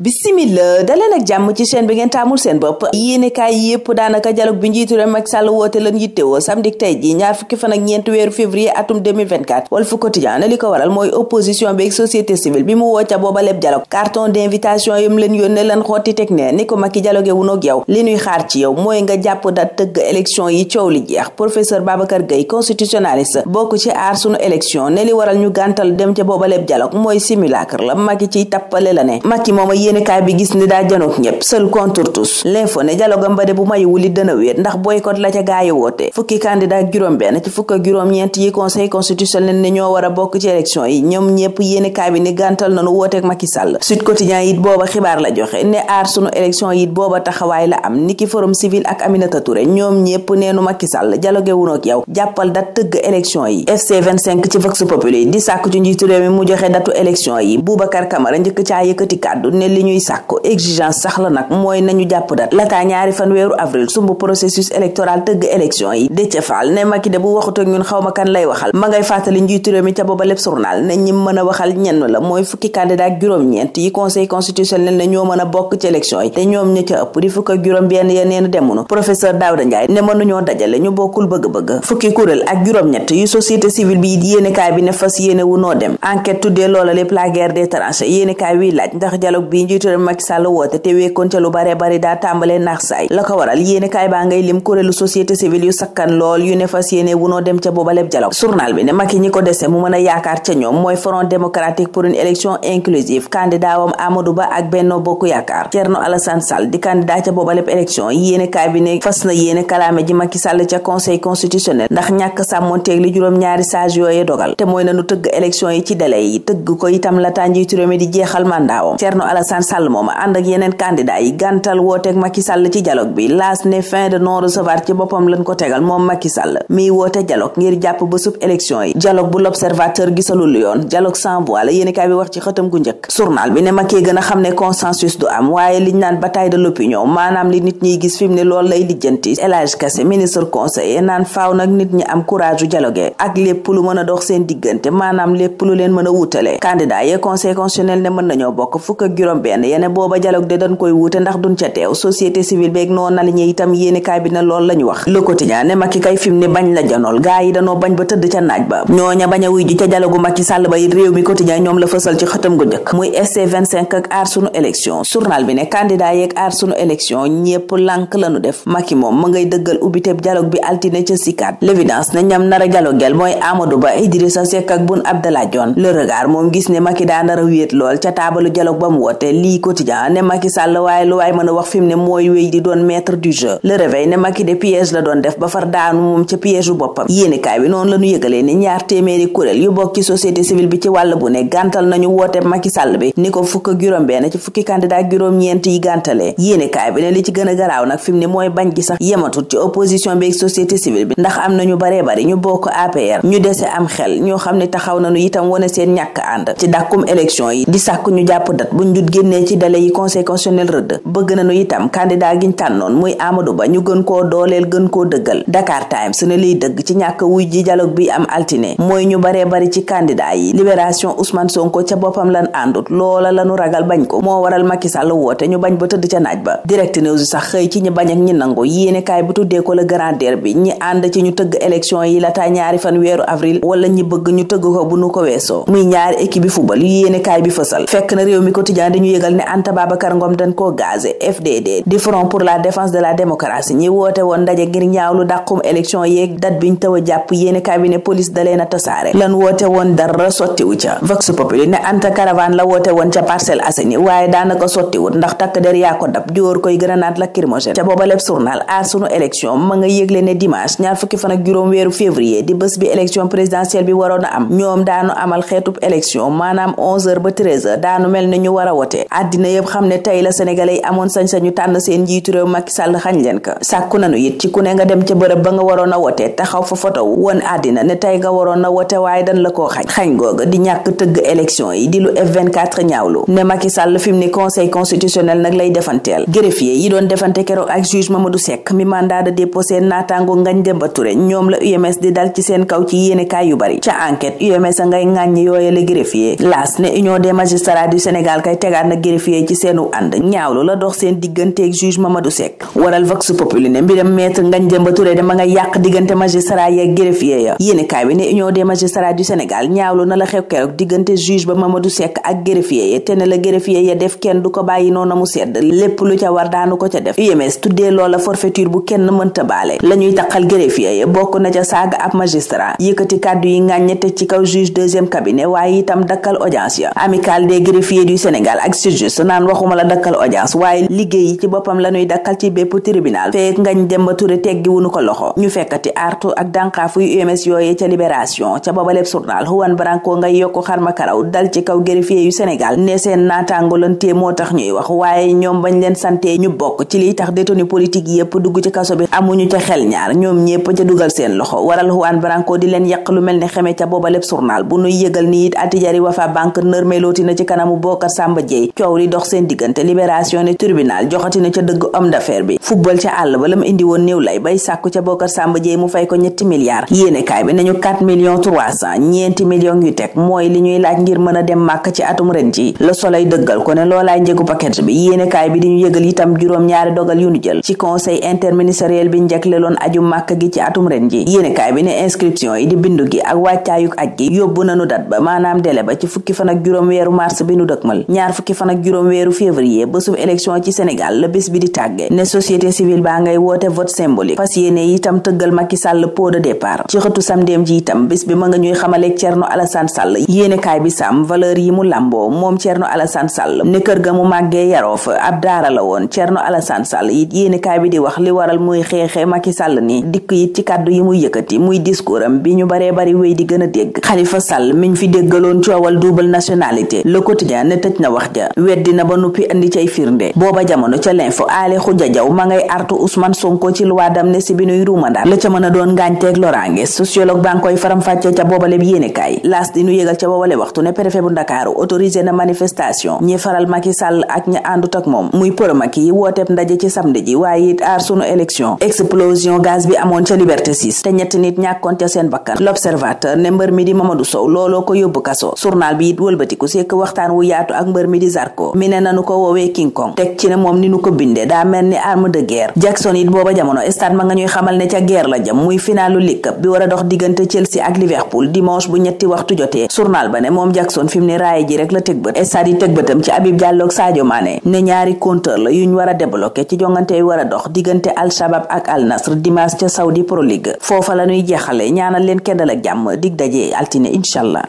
bisimila daleen ak jàmm ci seen bi ngeen taamul seen bopp yéenekaay yépp daanaka dialogue bi njiitu réew Macky Sall woote lan yittewoo samedi tey ji ñaar fukki fa ak ñeent weeru février atum 2024 Walf Quotidien na li ko waral mooy opposition bi ak société civile bi mu woo ca booba lépp dialogue carton d'invitation yum leen yónnee lan xotti teg ne ni ko Macky dialogue wunoog yow li ñuy xaar ci yow mooy nga jàpp da tëgg élection yi coow li jeex professeur Babacar Gueye constitutionnaliste bokk ci aar sunu élection ne li waral ñu gàntal dem ca booba lépp dialogue mooy simulacre la Macky ciy tappale la yéenekaay bi gis ni daa janook ñëpp seul contre tous l'info ne dialogue bu mayiwul it dana wéet ndax boycott la ca gaayi woote fukki candidat ak juróom benn ci fukk ak juróom-ñeent yi conseil constitutionnel ne ñoo war a bokk ci élection yi ñoom ñëpp yéenekaay bi ni gàntal nanu wooteek Macky Sall Sud Quotidien it booba xibaar la joxe ne aar sunu élection it booba taxawaay la am niki forum civil ak Aminata Touré ñoom ñëpp neenu Macky Sall dialogue wunook yow jàppal dat tëgg élection yi FC 25 ci vox populi di sàkk ci njiitu réew mu joxe datu élection yi Boubacar Camara njëkk caa yëkkati kàddu ne li ñuy sàkku exigence sax la nag mooy nañu jàpp dat lataa ñaari fan avril sumb processus électoral tëgg élection yi Déthié Fall ne Macky fàttali njiitu réew ca booba lépp ne ñi mën a waxal ñenn la mooy fukki candidat ak juróom-ñeent yi conseil constitutionnel ne ñoo mën a bokk ci élection yi te ñoom ña ëpp di fukk ak juróom benn ya neen demunu professeur Daouda Ndiaye ne mënuñoo dajale ñu bokkul bëgg-bëgg fukki kuréel ak juróom-ñett yu société bi njiitu réew Macky Sall woote te wéekoon ca lu bare bari daa tàmbalee nax saay la ko waral yéene kaay baa ngay lim kuréelu société civile yu sakkan lool yu ne fas yéene wunoo dem ca boobaleb dialogue journal bi ne Macky ñi ko dese mu mën a yaakaar ca ñoom mooy front démocratique pour une élection inclusive candidat wam Ba ak Benno Bokk Yaakaar Thierno Alassane Sall di candidat ca boobaleb élection yéene kaay bi ne fas na yéene kalaame ji Macky Alassane Sall moom ànd ak yeneen candidat yi gàntal wooteeg Macky Sall ci dialogue bi laas ne fin de non recevoir ci boppam lañ ko tegal moom Macky Sall miy woote dialogue ngir jàpp ba sub élection yi dialogue bu l'observateur gisalul yoon dialogue sans voix la yéenekaay bi wax ci xëtam gu njëkk journal bi ne Macky gën a xam ne consensus du am waaye liñ naan bataille de l'opinion maanaam li nit ñiy gis fi mu ne lay lijjanti El Hadj ministre u a a conseil constitutionnel juróom benn yene booba dialogue de dañ koy wuute ndax duñ ca teew société civile beeg noonu na la ñu kaay bi na loolu la wax Le Quotidien ne Macky kay fim ni bañ la janool a la fësal bi ne candidat yeeg aar sunu élection ñépp lànk lañu def Macky moom ma ngay dëggal ubbiteb dialogue bi altine ca Sicap l'évidence ne ñam nar a dialogueel mooy Amadou Ba Idrissa Seck ak Boun Abdallah Dionne le regard moom gis ne Macky daa nar a wéet lool ca taabalu dialogue ba mu wote lii quotidien ne Macky Sall waaye lu waay mën a wax fi ne mooy wéy di doon maître du jeu le réveil ne Macky la doon def ba far daanu moom ca piège u boppam yéenekaay bi noonu la ñu yëgalee ne ñaar téeméeri kuréel yu bokk ci société civile bi ci wàll bu ne gàntal nañu woote Macky bi ni ko fukk ak juróom benn ci fukki candidat juróom-ñeent yi gàntalee yéenekaay bi ne li ci gën a garaaw nag fi ne mooy bañ gi sax yematut ci opposition bi ak société génnee ci délai yi conseil constitutionnel rëdd bëgg nañu itam candidat giñ tànnoon muy Amadou Ba ñu gën koo dooleel gën koo dëggal Dakar Times ne liy dëgg ci ñàkk wuy ji dialogue bi am altine mooy ñu baree bari ci candidat yi libération Ousmane Sonko ca boppam lan àndut loola lanu ragal bañ ko moo waral Macky woote ñu bañ ba tëdd ca naaj ba direct news sax xëy ci ñi bañ ak ñi nangu yéene kaay tuddee ko la grand derby ñi ànd ci ñu tëgg élection yi lataa ñaari fan weeru avril wala ñi bëgg yëgal ne Anta Babacar Ngom dañ koo gazé FDD di pour la défense de la démocratie ñi woote woon ndaje ngir ñaawlu dàqum élection yeeg date biñ taw a jàpp yéene cabinet police da a tasaare lan woote woon dara sottiwu ca vox populi ne Anta caravane la woote woon ca Parcelles Assainies waaye daanaka sottiwut ndax takk der yaa dab jóor koy grenade lacrymogène ca booba lépp journal aar sunu élection ma nga yëgle ne dimanche ñaar fukki fan a a jàppante àddina xam ne tey la sénégalais yi amoon sañ-sañu tànn seen njiitu réew Macky Sall xañ leen ko sàkku nanu it ci ku ne nga dem ca bërëb ba nga waroon a wote taxaw fa photo woon àddina ne tey nga waroon a wote waaye dan la koo xañ xañ googa di ñàkk tëgg élection yi di lu f ñaawlu ne Macky Sall fi mu ne conseil constitutionnel nag lay defanteel greffier yi doon defante keroog ak juge Mamadou Seck mi mandat de dépôt seen naataango Ngagne Demba Touré la UMS di dal ci seen kaw ci yéenekaay yu bari ca enquête UMS a ngay ŋàññ na greffier ci seenu ànd ñaawlu la dox seen digganteeg juge Mamadou Seck waral vox populi ne mbiram maître Ngagne Demba Touré dama nga yàq diggante magistrat yeeg greffier ya yéenekaay bi ne union des magistrats du Sénégal ñaawlu na la xew keroog diggante juge ba Mamadou Seck ak greffier ya te ne la greffier ya def kenn du ko bàyyi noonu mu sedd lépp lu ca war daanu ko ca def m UMS tuddee loola forfaiture bu kenn mënta baale la ñuy taqal greffier ya bokk na ca saaga ab magistrat yëkkati kàddu yi ngàññe teg ci kaw juge deuxième cabinet waaye itam dakkal audience ya amicale des greffiers du Sénégal ak justice naan waxuma la dakkal audience waaye liggéey ci boppam la ñuy dakkal ci bépp tribunal feek ngañ Demba Touré teggi wuñu ko loxo ñu fekkati artu ak dànqaafu yu UMS yooye ca libération ca boobaleb journal Juan bu nuy yëgal ni Atijari Wafa Bank nërmelooti na ci kanamu Bocar Samba Dièye liggéey coow li dox seen diggante libération ne tribunal joxati ca dëgg homme d'affaires bi football ca àll ba la indi woon néew lay bay sàkku ca Bocar Samba Dièye mu fay ko ñetti milliards yu teg mooy li ñuy laaj ngir mën dem màkk ci atum ren ji Le Soleil dëggal ko ne loolaay njëgu paquet bi yéenekaay bi di ñu yëgal itam juróom-ñaari dogal yu ñu jël ci conseil interministériel bi njëkkleloon aju màkk gi ci atum ren ji yéenekaay bi ne inscription yi di bindu fukki fan ak juróom weeru février bésub élection ci Sénégal la bés bi di tàgge ne société civile baa ngay woote vote symbolique fas yéene itam tëggal Macky Sall pot bi ma nga ñuy xamaleeg Thierno Alassane Sall yéene kaay bi sàmm valeur yi mu làmboo moom Thierno Alassane Sall ne kër ga mu màggee yaroo fa ab daara la woon Thierno Alassane Sall it yéene kaay bi di wax li waral muy xeexee Macky Sall ni dikk it ci kàddu yi muy yëkkati muy discours am bi ñu baree bari wéy di gën a dégg Khalifa Sall miñ fi déggaloon coowal ja weddi na ba nuppi andi cay firnde booba jamono ca l'info aale xuja jaw ma ngay artu Ousmane Sonko ci loi d'amnistie bi nuy ruumandaat la ca mën a doon ngaañteeg loraange sociologue baa koy faram-fàccee ca boobaleb yéenekaay laas di nu yégal ca boobale waxtu ne préfet bu Ndakaaru autorisé na manifestation ñi faral Macky Sall ak ñi àndut ak moom muy pro Macky yi wooteeb ndaje ci samedi ji waaye it aar sunu élection explosion gaz bi amoon ca liberté Zarko mi ne nanu ko woowee King Kong teg ci ne moom ni nu ko binde daa mel ni arme de guerre Jackson it booba jamono stade ma nga ñuy xamal ne ca guerre la jëm muy finaalu League Cup bi war a dox diggante Chelsea ak Liverpool dimanche bu ñetti waxtu jotee journal ba ne moom Jackson fi mu ne raaye ji rek la teg bët stade yi teg bëtam ci Habib Diallo ak Sadio Mané ne ñaari compteur la yuñ war a débloqué ci jongante yu war dox diggante Al Shabab ak Al Nasr dimanche ca Saudi Pro League foofa la ñuy jeexale ñaanal leen kendal ak jàmm dig daje altine incha allah